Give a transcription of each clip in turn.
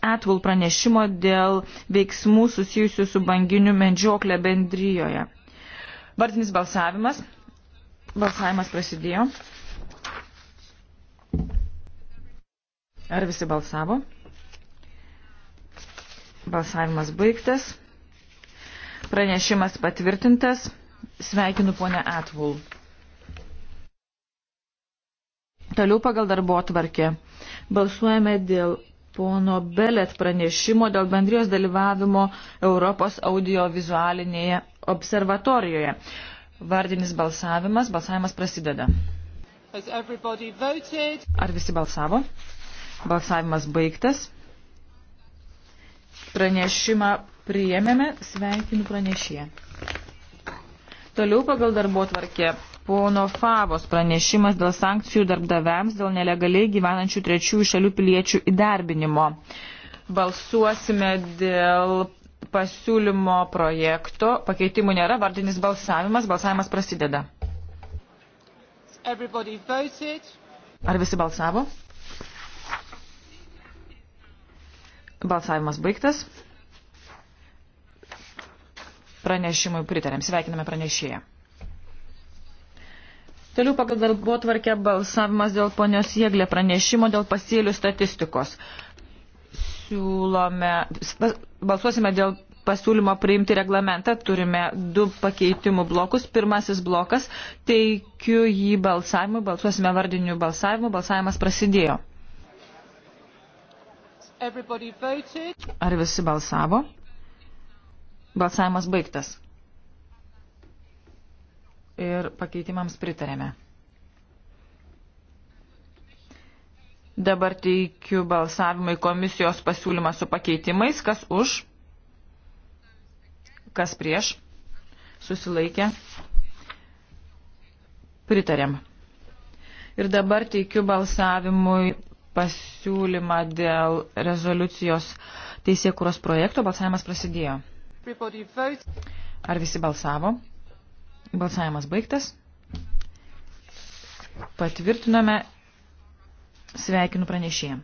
Atwell pranešimo dėl veiksmų susijusių su banginių medžioklė bendryjoje. Vardinis balsavimas. Balsavimas prasidėjo. Ar visi balsavo? Balsavimas baigtas. Pranešimas patvirtintas. Sveikinu ponę Atwell. Toliau pagal darbo atvarkę. Balsuojame dėl pono Belet pranešimo dėl bendrijos dalyvavimo Europos audiovizualinėje observatorijoje. Vardinis balsavimas. Balsavimas prasideda. Ar visi balsavo? Balsavimas baigtas. Pranešimą priėmėme. Sveikinu pranešėje. Toliau pagal darbo tvarkę pono Favos pranešimas dėl sankcijų darbdaviams dėl nelegaliai gyvenančių trečiųjų šalių piliečių įdarbinimo. Balsuosime dėl pasiūlymo projekto. Pakeitimų nėra, vardinis balsavimas. Balsavimas prasideda. Ar visi balsavo? Balsavimas baigtas. Pranešimui pritarėm. Sveikiname pranešėją. Toliau pagal darbo tvarkę balsavimas dėl ponios Jėglė pranešimo dėl pasėlių statistikos. Siūlome, balsuosime dėl pasiūlymo priimti reglamentą. Turime du pakeitimų blokus. Pirmasis blokas, teikiu jį balsavimui, balsuosime vardiniu balsavimu. Balsavimas prasidėjo. Ar visi balsavo? Balsavimas baigtas ir pakeitimams pritarėme. Dabar teikiu balsavimai komisijos pasiūlymą su pakeitimais. Kas už? Kas prieš? Susilaikė? Pritarėm. Ir dabar teikiu balsavimui pasiūlymą dėl rezoliucijos teisėkūros projekto. Balsavimas prasidėjo. Ar visi balsavo? Balsavimas baigtas. Patvirtinome. Sveikinu pranešėją.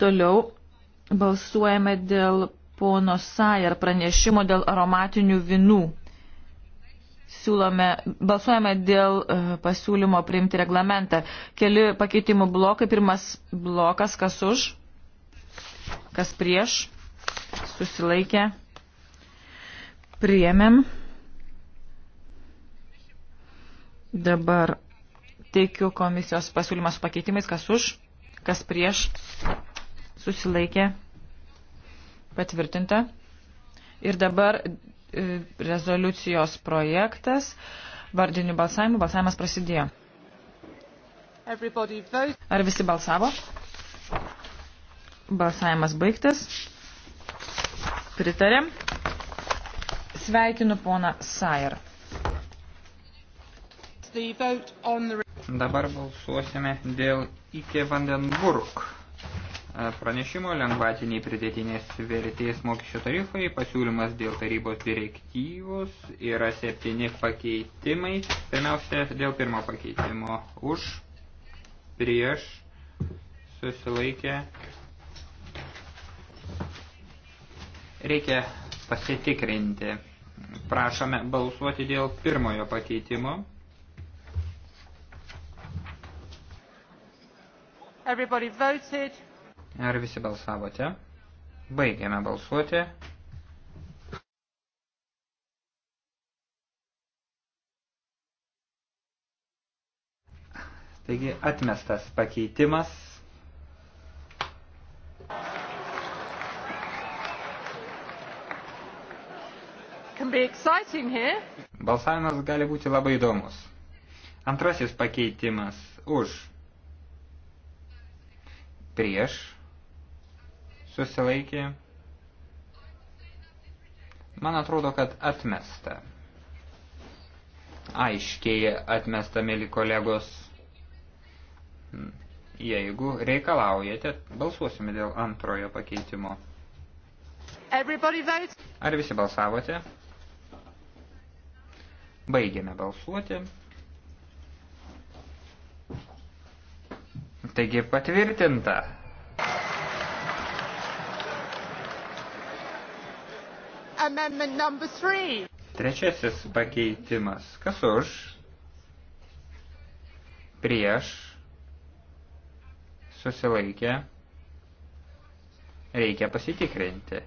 Toliau balsuojame dėl pono Sajer pranešimo dėl aromatinių vinų. Siūlome, balsuojame dėl e, pasiūlymo priimti reglamentą. Keli pakeitimų blokai. Pirmas blokas, kas už, kas prieš, susilaikė priėmėm. Dabar teikiu komisijos pasiūlymą su pakeitimais, kas už, kas prieš, susilaikė, patvirtinta. Ir dabar e, rezoliucijos projektas, vardinių balsavimų, balsavimas prasidėjo. Ar visi balsavo? Balsavimas baigtas. Pritarėm. Sveikinu poną Sair. Dabar balsuosime dėl Ike Vandenburg e, pranešimo lengvatiniai pridėtinės vertės mokesčio tarifai, pasiūlymas dėl tarybos direktyvos yra septyni pakeitimai. Pirmiausia, dėl pirmo pakeitimo už, prieš, susilaikę. Reikia pasitikrinti. Prašome balsuoti dėl pirmojo pakeitimo. Everybody voted. Ar visi balsavote? Baigiame balsuoti. Taigi atmestas pakeitimas Balsavimas gali būti labai įdomus. Antrasis pakeitimas už prieš susilaikė. Man atrodo, kad atmesta. Aiškiai atmesta, mėly kolegos. Jeigu reikalaujate, balsuosime dėl antrojo pakeitimo. Ar visi balsavote? Baigėme balsuoti. Taigi patvirtinta. Trečiasis pakeitimas. Kas už? Prieš. Susilaikė. Reikia pasitikrinti.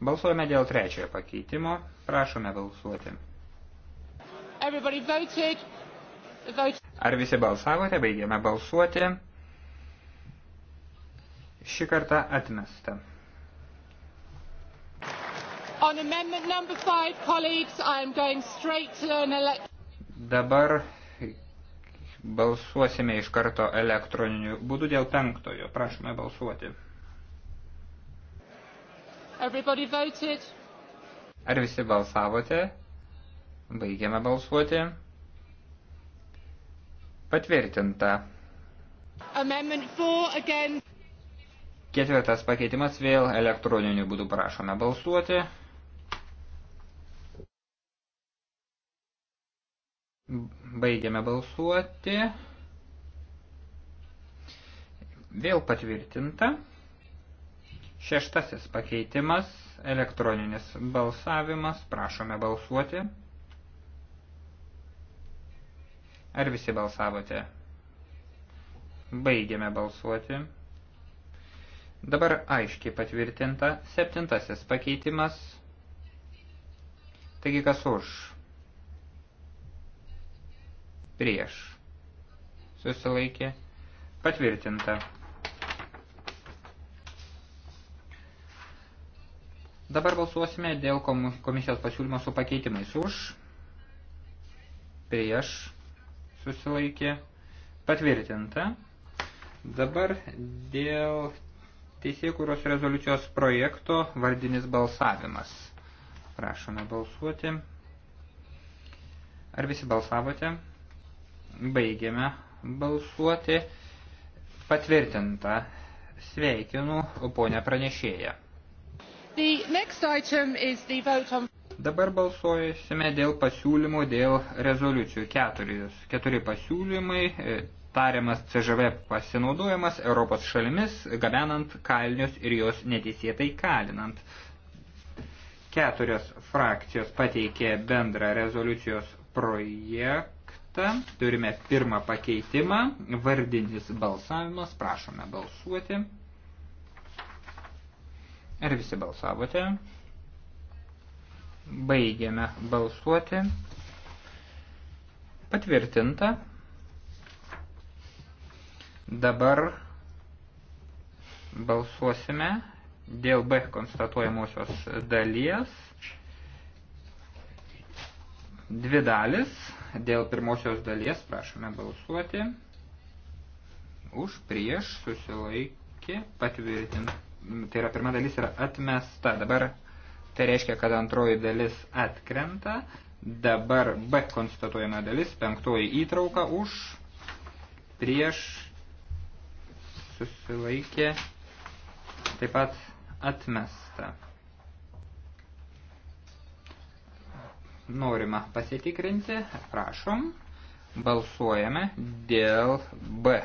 Balsuojame dėl trečiojo pakeitimo. Prašome balsuoti. Voted. Voted. Ar visi balsavote? Baigėme balsuoti. Šį kartą atmesta. On amendment number five, colleagues, I am going straight to an elect... Dabar balsuosime iš karto elektroniniu būdu dėl penktojo. Prašome balsuoti. Everybody voted? Ar visi balsavote? Baigiame balsuoti. Patvirtinta. Amendment 4 again. Ketvirtas pakeitimas vėl elektroniniu būdu prašome balsuoti. Baigiame balsuoti. Vėl patvirtinta. Šeštasis pakeitimas, elektroninis balsavimas, prašome balsuoti. Ar visi balsavote? Baigėme balsuoti. Dabar aiškiai patvirtinta septintasis pakeitimas. Taigi kas už? Prieš. Susilaikė. Patvirtinta. Dabar balsuosime dėl komisijos pasiūlymo su pakeitimais už, prieš, susilaikė, patvirtinta. Dabar dėl teisėkūros rezoliucijos projekto vardinis balsavimas. Prašome balsuoti. Ar visi balsavote? Baigiame balsuoti. Patvirtinta. Sveikinu, ponę pranešėją. On... Dabar balsuojame dėl pasiūlymų dėl rezoliucijų. Keturis, keturi pasiūlymai, e, tariamas CŽV pasinaudojimas Europos šalimis, gabenant kalinius ir jos neteisėtai kalinant. Keturios frakcijos pateikė bendrą rezoliucijos projektą. Turime pirmą pakeitimą, vardinis balsavimas, prašome balsuoti. Ar visi balsavote? Baigiame balsuoti. Patvirtinta. Dabar balsuosime dėl B konstatuojamosios dalies. Dvi dalis. Dėl pirmosios dalies prašome balsuoti. Už prieš susilaikė patvirtinti tai yra pirma dalis yra atmesta. Dabar tai reiškia, kad antroji dalis atkrenta. Dabar B konstatuojama dalis, penktoji įtrauka už, prieš, susilaikė, taip pat atmesta. Norima pasitikrinti, prašom, balsuojame dėl B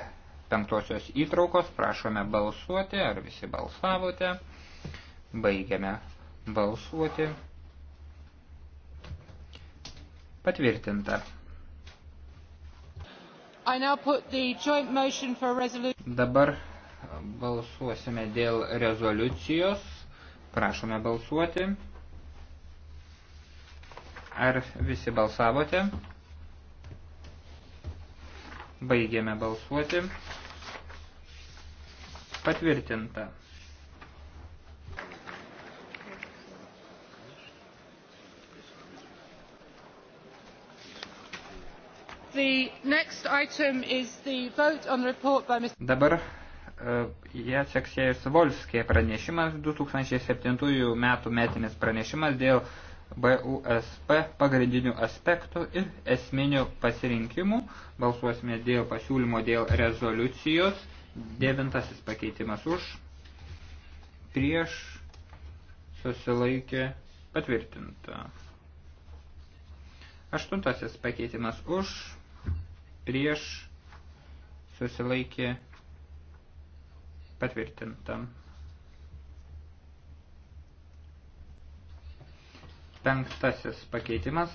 penktosios įtraukos. Prašome balsuoti, ar visi balsavote. Baigiame balsuoti. Patvirtinta. Dabar balsuosime dėl rezoliucijos. Prašome balsuoti. Ar visi balsavote? Baigėme balsuoti. Patvirtinta. Dabar e, Jacek Sėjus Volskė pranešimas 2007 metų metinis pranešimas dėl BUSP pagrindinių aspektų ir esminių pasirinkimų. Balsuosime dėl pasiūlymo dėl rezoliucijos. Devintasis pakeitimas už. Prieš susilaikė patvirtinta. Aštuntasis pakeitimas už. Prieš susilaikė patvirtinta. Penktasis pakeitimas,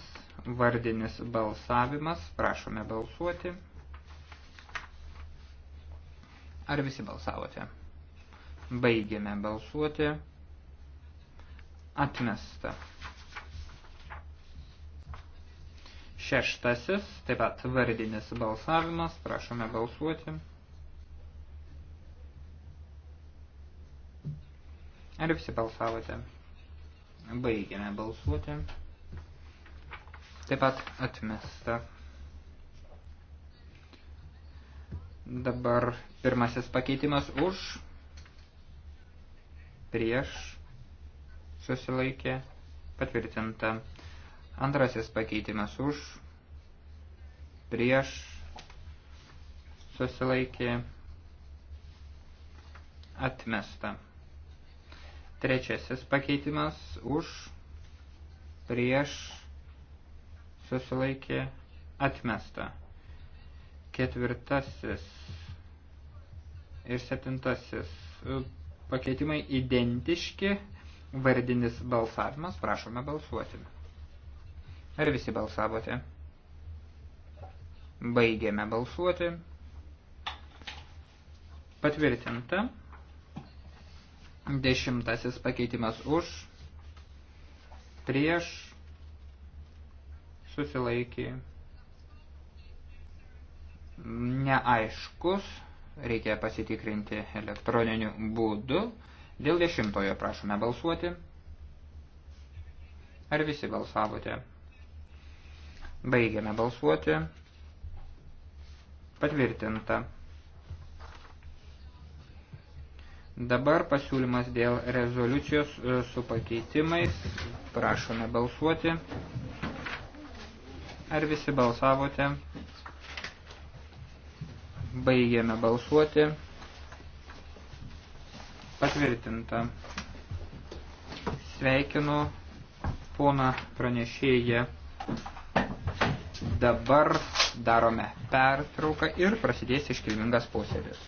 vardinis balsavimas, prašome balsuoti. Ar visi balsavote? Baigėme balsuoti. Atmesta. Šeštasis, taip pat vardinis balsavimas, prašome balsuoti. Ar visi balsavote? Baigiame balsuoti. Taip pat atmesta. Dabar pirmasis pakeitimas už, prieš, susilaikė, patvirtinta. Antrasis pakeitimas už, prieš, susilaikė, atmesta. Trečiasis pakeitimas už, prieš, susilaikė, atmesta. Ketvirtasis ir septintasis e, pakeitimai identiški, vardinis balsavimas, prašome balsuoti. Ar visi balsavote? Baigėme balsuoti. Patvirtinta. Dešimtasis pakeitimas už, prieš, susilaikė, neaiškus, reikia pasitikrinti elektroniniu būdu. Dėl dešimtojo prašome balsuoti. Ar visi balsavote? Baigiame balsuoti. Patvirtinta. Dabar pasiūlymas dėl rezoliucijos e, su pakeitimais. Prašome balsuoti. Ar visi balsavote? Baigėme balsuoti. Patvirtinta. Sveikinu poną pranešėją. Dabar darome pertrauką ir prasidės iškilmingas posėdis.